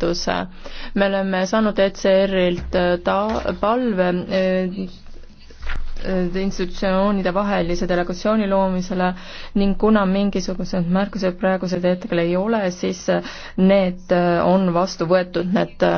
kinnituse. me oleme saanud ECR-ilt äh, ta-, palve äh, äh, institutsioonide vahelise delegatsiooni loomisele ning kuna mingisugused märkused praegusel hetkel ei ole, siis need on vastu võetud, need